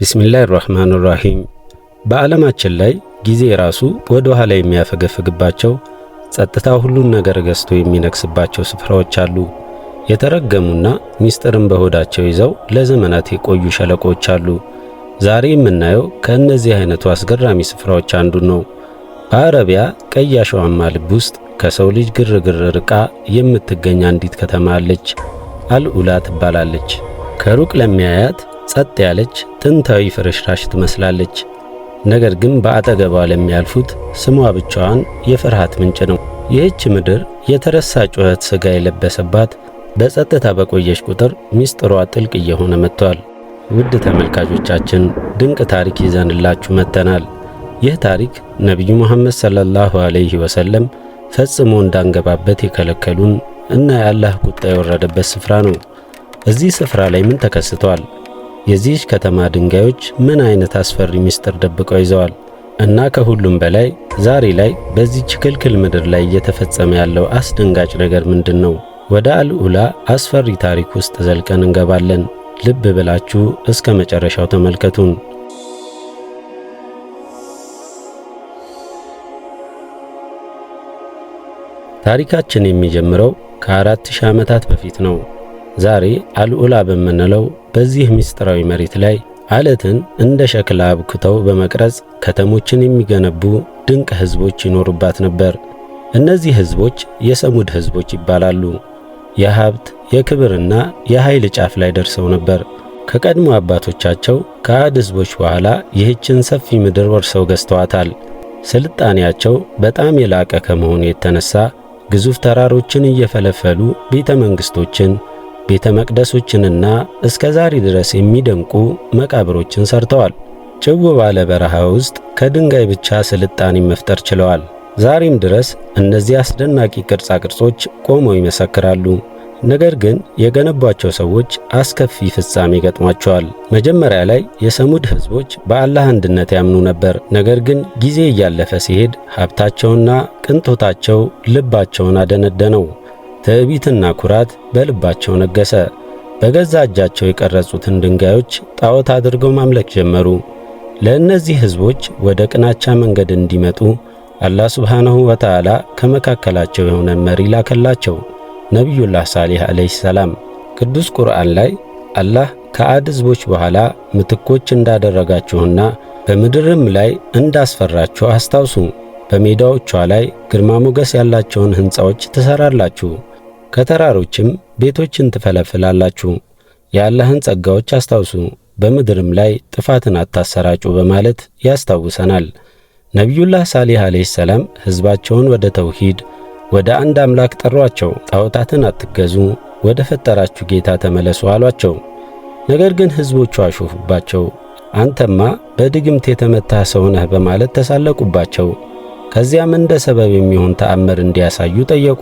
ቢስሚላህ ራህማን ራሂም። በዓለማችን ላይ ጊዜ ራሱ ወደ ኋላ የሚያፈገፍግባቸው ጸጥታ ሁሉን ነገር ገዝቶ የሚነግስባቸው ስፍራዎች አሉ። የተረገሙና ሚስጥርን በሆዳቸው ይዘው ለዘመናት የቆዩ ሸለቆዎች አሉ። ዛሬ የምናየው ከእነዚህ አይነቱ አስገራሚ ስፍራዎች አንዱ ነው። በአረቢያ ቀይ አሸዋማ ልብ ውስጥ ከሰው ልጅ ግርግር ርቃ የምትገኝ አንዲት ከተማ አለች። አልዑላ ትባላለች። ከሩቅ ለሚያያት ጸጥ ያለች ጥንታዊ ፍርሽራሽ ትመስላለች። ነገር ግን በአጠገቧ ለሚያልፉት ስሟ ብቻዋን የፍርሃት ምንጭ ነው። ይህች ምድር የተረሳ ጩኸት ሥጋ የለበሰባት፣ በጸጥታ በቆየች ቁጥር ሚስጥሯ ጥልቅ እየሆነ መጥቷል። ውድ ተመልካቾቻችን ድንቅ ታሪክ ይዘንላችሁ መጥተናል። ይህ ታሪክ ነቢዩ መሐመድ ሰለላሁ ዐለይሂ ወሰለም ፈጽሞ እንዳንገባበት የከለከሉን እና የአላህ ቁጣ የወረደበት ስፍራ ነው። እዚህ ስፍራ ላይ ምን ተከስቷል? የዚህች ከተማ ድንጋዮች ምን አይነት አስፈሪ ምስጢር ደብቀው ይዘዋል? እና ከሁሉም በላይ ዛሬ ላይ በዚህች ክልክል ምድር ላይ እየተፈጸመ ያለው አስደንጋጭ ነገር ምንድን ነው? ወደ አልዑላ አስፈሪ ታሪክ ውስጥ ዘልቀን እንገባለን። ልብ ብላችሁ እስከ መጨረሻው ተመልከቱን። ታሪካችን የሚጀምረው ከአራት ሺህ ዓመታት በፊት ነው። ዛሬ አልዑላ በምንለው በዚህ ምስጢራዊ መሬት ላይ አለትን እንደ ሸክላ አብክተው በመቅረጽ ከተሞችን የሚገነቡ ድንቅ ሕዝቦች ይኖሩባት ነበር። እነዚህ ሕዝቦች የሰሙድ ሕዝቦች ይባላሉ። የሀብት የክብርና የኃይል ጫፍ ላይ ደርሰው ነበር። ከቀድሞ አባቶቻቸው ከአድ ሕዝቦች በኋላ ይህችን ሰፊ ምድር ወርሰው ገዝተዋታል። ስልጣኔያቸው በጣም የላቀ ከመሆኑ የተነሳ ግዙፍ ተራሮችን እየፈለፈሉ ቤተ መንግሥቶችን ቤተ መቅደሶችንና እስከ ዛሬ ድረስ የሚደንቁ መቃብሮችን ሰርተዋል። ጭው ባለ በረሃ ውስጥ ከድንጋይ ብቻ ስልጣኔ መፍጠር ችለዋል። ዛሬም ድረስ እነዚህ አስደናቂ ቅርጻ ቅርጾች ቆመው ይመሰክራሉ። ነገር ግን የገነቧቸው ሰዎች አስከፊ ፍጻሜ ገጥሟቸዋል። መጀመሪያ ላይ የሰሙድ ሕዝቦች በአላህ አንድነት ያምኑ ነበር። ነገር ግን ጊዜ እያለፈ ሲሄድ ሀብታቸውና ቅንጦታቸው ልባቸውን አደነደነው። ትዕቢትና ኩራት በልባቸው ነገሰ። በገዛ እጃቸው የቀረጹትን ድንጋዮች ጣዖት አድርገው ማምለክ ጀመሩ። ለእነዚህ ሕዝቦች ወደ ቅናቻ መንገድ እንዲመጡ አላህ ሱብሓነሁ ወተዓላ ከመካከላቸው የሆነ መሪ ላከላቸው። ነቢዩላህ ሳሌሕ ዓለይሂ ሰላም ቅዱስ ቁርአን ላይ አላህ ከአድ ሕዝቦች በኋላ ምትኮች እንዳደረጋችሁና በምድርም ላይ እንዳስፈራችሁ አስታውሱ። በሜዳዎቿ ላይ ግርማ ሞገስ ያላቸውን ሕንፃዎች ትሠራላችሁ ከተራሮችም ቤቶችን ትፈለፍላላችሁ። የአላህን ጸጋዎች አስታውሱ፣ በምድርም ላይ ጥፋትን አታሰራጩ በማለት ያስታውሰናል። ነቢዩላህ ሳሌህ ዓለይሂ ሰላም ሕዝባቸውን ወደ ተውሂድ ወደ አንድ አምላክ ጠሯቸው። ጣዖታትን አትገዙ፣ ወደ ፈጠራችሁ ጌታ ተመለሱ አሏቸው። ነገር ግን ሕዝቦቹ አሾፉባቸው። አንተማ በድግምት የተመታ ሰው ነህ በማለት ተሳለቁባቸው። ከዚያም እንደ ሰበብ የሚሆን ተአምር እንዲያሳዩ ጠየቁ።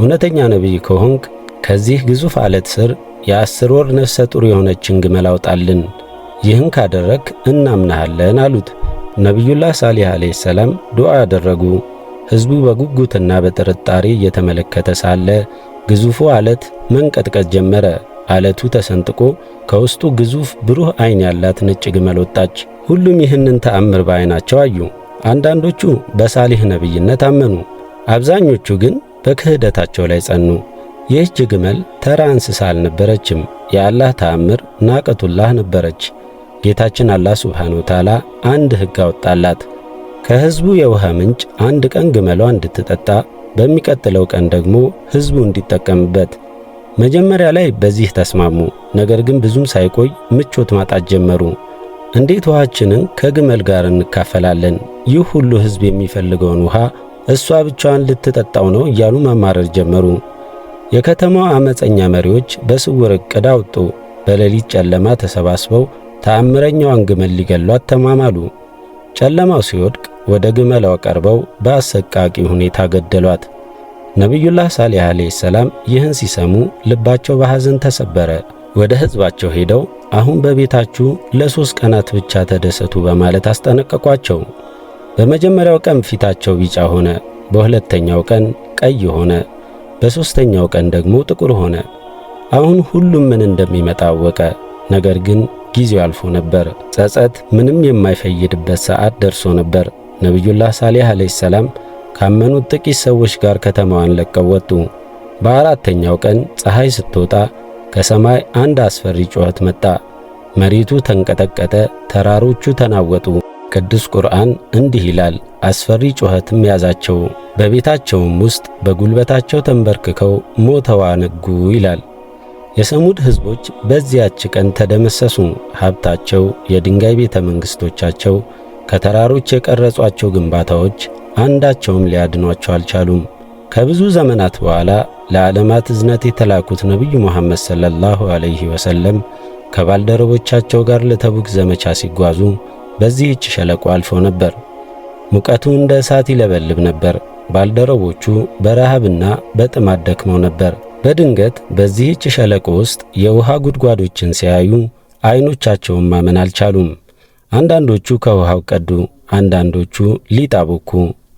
እውነተኛ ነቢይ ከሆንክ ከዚህ ግዙፍ ዓለት ስር የአስር ወር ነፍሰ ጡር የሆነችን ግመል አውጣልን፣ ይህን ካደረክ እናምናሃለን አሉት። ነቢዩላህ ሳሊህ ዓለይሂ ሰላም ዱዓ አደረጉ። ሕዝቡ በጉጉትና በጥርጣሬ እየተመለከተ ሳለ ግዙፉ ዓለት መንቀጥቀጥ ጀመረ። ዓለቱ ተሰንጥቆ ከውስጡ ግዙፍ ብሩህ ዐይን ያላት ነጭ ግመል ወጣች። ሁሉም ይህንን ተአምር በዐይናቸው አዩ። አንዳንዶቹ በሳሊህ ነቢይነት አመኑ፣ አብዛኞቹ ግን በክህደታቸው ላይ ጸኑ። ይህች ግመል ተራ እንስሳ አልነበረችም። የአላህ ተአምር ናቀቱላህ ነበረች። ጌታችን አላህ ሱብሓነሁ ወተዓላ አንድ ሕግ አወጣላት። ከሕዝቡ የውሃ ምንጭ አንድ ቀን ግመሏ እንድትጠጣ፣ በሚቀጥለው ቀን ደግሞ ሕዝቡ እንዲጠቀምበት። መጀመሪያ ላይ በዚህ ተስማሙ። ነገር ግን ብዙም ሳይቆይ ምቾት ማጣት ጀመሩ። እንዴት ውሃችንን ከግመል ጋር እንካፈላለን? ይህ ሁሉ ሕዝብ የሚፈልገውን ውሃ እሷ ብቻዋን ልትጠጣው ነው እያሉ ማማረር ጀመሩ። የከተማው አመፀኛ መሪዎች በስውር ዕቅድ አወጡ። በሌሊት ጨለማ ተሰባስበው ተአምረኛዋን ግመል ሊገሏት ተማማሉ። ጨለማው ሲወድቅ ወደ ግመላው ቀርበው በአሰቃቂ ሁኔታ ገደሏት። ነቢዩላህ ሳሊህ ዓለይሂ ሰላም ይህን ሲሰሙ ልባቸው በሐዘን ተሰበረ። ወደ ሕዝባቸው ሄደው አሁን በቤታችሁ ለሦስት ቀናት ብቻ ተደሰቱ በማለት አስጠነቀቋቸው። በመጀመሪያው ቀን ፊታቸው ቢጫ ሆነ፣ በሁለተኛው ቀን ቀይ ሆነ፣ በሦስተኛው ቀን ደግሞ ጥቁር ሆነ። አሁን ሁሉም ምን እንደሚመጣ አወቀ። ነገር ግን ጊዜው አልፎ ነበር። ጸጸት ምንም የማይፈይድበት ሰዓት ደርሶ ነበር። ነቢዩላህ ሳሌህ ዓለይሂ ሰላም ካመኑት ጥቂት ሰዎች ጋር ከተማዋን ለቀው ወጡ። በአራተኛው ቀን ፀሐይ ስትወጣ ከሰማይ አንድ አስፈሪ ጩኸት መጣ። መሬቱ ተንቀጠቀጠ፣ ተራሮቹ ተናወጡ፣ ቅዱስ ቁርአን እንዲህ ይላል፣ አስፈሪ ጩኸትም ያዛቸው፣ በቤታቸውም ውስጥ በጉልበታቸው ተንበርክከው ሞተዋ ነጉ ይላል። የሰሙድ ሕዝቦች በዚያች ቀን ተደመሰሱ። ሀብታቸው፣ የድንጋይ ቤተ መንግሥቶቻቸው፣ ከተራሮች የቀረጿቸው ግንባታዎች አንዳቸውም ሊያድኗቸው አልቻሉም። ከብዙ ዘመናት በኋላ ለዓለማት እዝነት የተላኩት ነቢዩ ሙሐመድ ሰለላሁ ዐለይሂ ወሰለም ከባልደረቦቻቸው ጋር ለተቡክ ዘመቻ ሲጓዙ በዚህች ሸለቆ አልፎ ነበር። ሙቀቱ እንደ እሳት ይለበልብ ነበር። ባልደረቦቹ በረሃብና በጥማት ደክመው ነበር። በድንገት በዚህች ሸለቆ ውስጥ የውሃ ጉድጓዶችን ሲያዩ አይኖቻቸውን ማመን አልቻሉም። አንዳንዶቹ ከውሃው ቀዱ፣ አንዳንዶቹ ሊጥ አቦኩ፣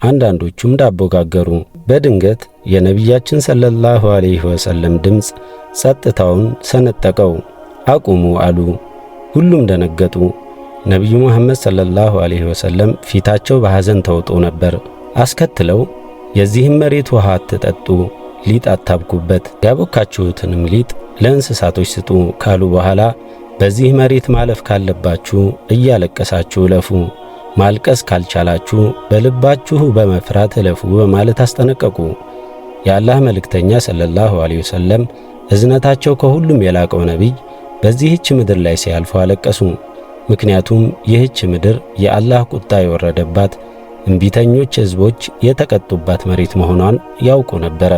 አንዳንዶቹም ዳቦ ጋገሩ። በድንገት የነቢያችን ሰለላሁ ዐለይሂ ወሰለም ድምፅ ጸጥታውን ሰነጠቀው። አቁሙ አሉ። ሁሉም ደነገጡ። ነቢዩ መሐመድ ሰለላሁ ዐለይሂ ወሰለም ፊታቸው በሐዘን ተውጦ ነበር። አስከትለው የዚህም መሬት ውሃ አትጠጡ፣ ሊጥ አታብኩበት፣ ያቦካችሁትንም ሊጥ ለእንስሳቶች ስጡ ካሉ በኋላ በዚህ መሬት ማለፍ ካለባችሁ እያለቀሳችሁ እለፉ፣ ማልቀስ ካልቻላችሁ በልባችሁ በመፍራት እለፉ በማለት አስጠነቀቁ። የአላህ መልእክተኛ ሰለላሁ ዐለይሂ ወሰለም እዝነታቸው ከሁሉም የላቀው ነቢይ በዚህች ምድር ላይ ሲያልፉ አለቀሱ። ምክንያቱም ይህች ምድር የአላህ ቁጣ የወረደባት እምቢተኞች ሕዝቦች የተቀጡባት መሬት መሆኗን ያውቁ ነበረ።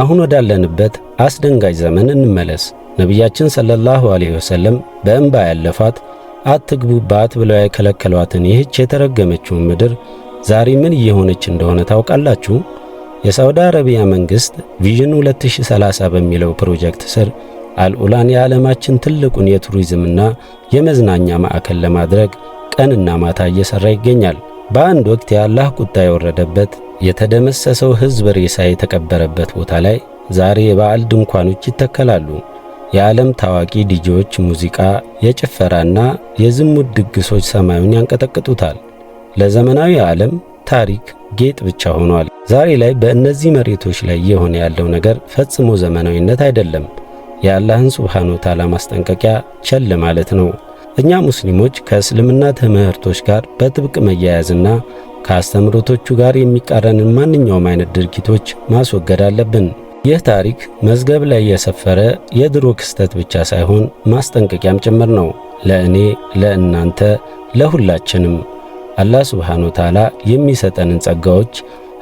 አሁን ወዳለንበት አስደንጋጭ ዘመን እንመለስ። ነቢያችን ሰለላሁ ዐለይሂ ወሰለም በእንባ ያለፏት አትግቡባት ብለው የከለከሏትን ይህች የተረገመችውን ምድር ዛሬ ምን እየሆነች እንደሆነ ታውቃላችሁ? የሳውዲ አረቢያ መንግሥት ቪዥን 2030 በሚለው ፕሮጀክት ስር አልኡላን የዓለማችን ትልቁን የቱሪዝምና የመዝናኛ ማዕከል ለማድረግ ቀንና ማታ እየሠራ ይገኛል። በአንድ ወቅት የአላህ ቁጣ የወረደበት የተደመሰሰው ሕዝብ ሬሳ የተቀበረበት ቦታ ላይ ዛሬ የበዓል ድንኳኖች ይተከላሉ። የዓለም ታዋቂ ዲጂዎች፣ ሙዚቃ፣ የጭፈራና የዝሙት ድግሶች ሰማዩን ያንቀጠቅጡታል። ለዘመናዊ ዓለም ታሪክ ጌጥ ብቻ ሆኗል። ዛሬ ላይ በእነዚህ መሬቶች ላይ እየሆነ ያለው ነገር ፈጽሞ ዘመናዊነት አይደለም። የአላህን ሱብሓነ ወተዓላ ማስጠንቀቂያ ቸል ማለት ነው። እኛ ሙስሊሞች ከእስልምና ትምህርቶች ጋር በጥብቅ መያያዝና ከአስተምህሮቶቹ ጋር የሚቃረንን ማንኛውም አይነት ድርጊቶች ማስወገድ አለብን። ይህ ታሪክ መዝገብ ላይ የሰፈረ የድሮ ክስተት ብቻ ሳይሆን ማስጠንቀቂያም ጭምር ነው። ለእኔ፣ ለእናንተ፣ ለሁላችንም አላህ ሱብሓነ ወተዓላ የሚሰጠንን ጸጋዎች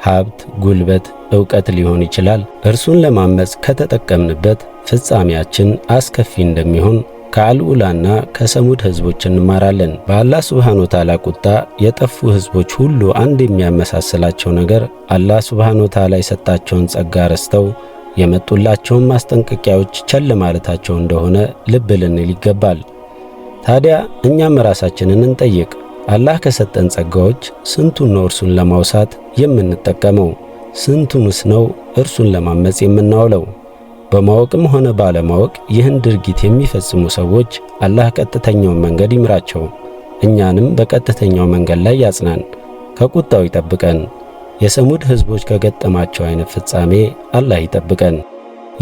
ሀብት፣ ጉልበት፣ ዕውቀት ሊሆን ይችላል። እርሱን ለማመፅ ከተጠቀምንበት ፍጻሜያችን አስከፊ እንደሚሆን ከአልዑላና ከሰሙድ ሕዝቦች እንማራለን። በአላህ ስብሓን ወታላ ቁጣ የጠፉ ሕዝቦች ሁሉ አንድ የሚያመሳስላቸው ነገር አላህ ስብሓን ወታላ የሰጣቸውን ጸጋ ረስተው የመጡላቸውን ማስጠንቀቂያዎች ቸል ማለታቸው እንደሆነ ልብ ልንል ይገባል። ታዲያ እኛም ራሳችንን እንጠይቅ። አላህ ከሰጠን ጸጋዎች ስንቱን ነው እርሱን ለማውሳት የምንጠቀመው? ስንቱንስ ነው እርሱን ለማመጽ የምናውለው? በማወቅም ሆነ ባለማወቅ ይህን ድርጊት የሚፈጽሙ ሰዎች አላህ ቀጥተኛውን መንገድ ይምራቸው፣ እኛንም በቀጥተኛው መንገድ ላይ ያጽናን፣ ከቁጣው ይጠብቀን። የሰሙድ ሕዝቦች ከገጠማቸው አይነት ፍጻሜ አላህ ይጠብቀን።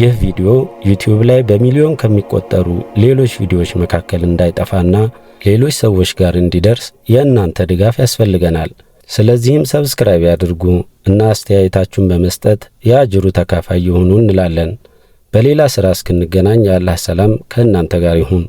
ይህ ቪዲዮ ዩቲዩብ ላይ በሚሊዮን ከሚቆጠሩ ሌሎች ቪዲዮዎች መካከል እንዳይጠፋና ሌሎች ሰዎች ጋር እንዲደርስ የእናንተ ድጋፍ ያስፈልገናል። ስለዚህም ሰብስክራይብ ያድርጉ እና አስተያየታችሁን በመስጠት የአጅሩ ተካፋይ ይሁኑ እንላለን። በሌላ ሥራ እስክንገናኝ የአላህ ሰላም ከእናንተ ጋር ይሁን።